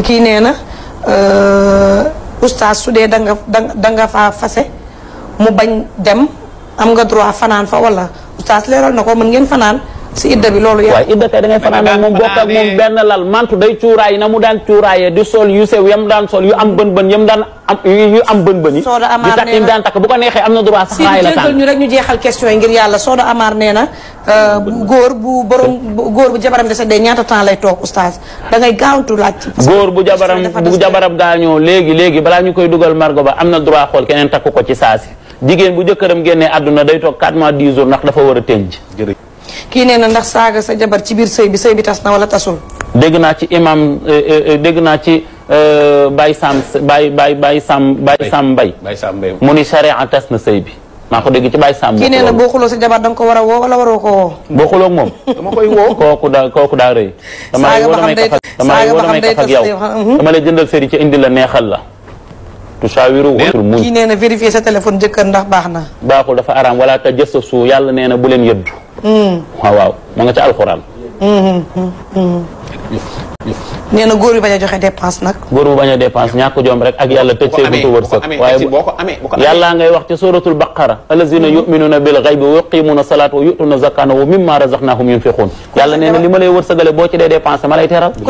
kii nee na euh, oustaz su dee da nga da nga faa fase mu bañ dem am nga droit fanaan fa wala oustaz leeral na ko mën ngeen fanaan si idda bi loolu yaa waaw idda kay da ngay fanaan ak moom bokk ak moom benn lal mantu day cuuraay na mu daan cuuraayee di sol yu sew yam daan sol yu am bën bën yam daan am yu am bën bën yi di takk yam daan takk bu ko neexee am na droit sax raay jeexal question yi ngir yàlla Soda Amar nee na euh, góor bu borom góor bu jabaram dese dee ñaata temps lay toog oustaz da ngay gaawantu laaj góor bu jabaram bu jabaram gaañoo léegi léegi balaa ñu koy dugal margo ba am na droit xool keneen takk ko ci saa saasi jigéen bu jëkkëram génnee àdduna day toog 4 mois 10 jours ndax war a tënj kii nee na ndax saaga sa jabar ci biir sëy bi sëy tas na wala tasul. dégg naa ci imam eh, eh, eh, dégg naa ci Baye Sam Baye Baye Baye Sam Baye Sam Mbaye. Baye Sam Mbaye mu ni charia tas na sëy bi. maa ko dégg ci Baye Samb. kii nee na boo xuloo sa jabar da ko war a woo wala waroo ko woo. boo xuloo moom. koy woo kooku daa kooku daa rëy. saaga ba xam day saaga ba xam day tas yow dama lay jëndal séri ci indi la neexal la. tusaawiru wutul muñ. kii nee na vérifier sa téléphone jëkkër ndax baax na. baaxul dafa araam wala te jëstu su yàlla nee na bu leen yëddu. waaw waaw ma nga ca alxuraan. nee na góor yu bañ a joxe dépense nag. góor bu bañ a dépense ñàkk jom rek ak yàlla tëj see buntu wërsëg. waaye yàlla ngay wax ci suratul baqara allazina mhm. bil ghaybi wa yuqimuna salata wa yutuna zakata wa mimma razaqnahum yunfiqun yàlla nee na li ma lay wërsëgale boo ci dee dépense ma lay teral.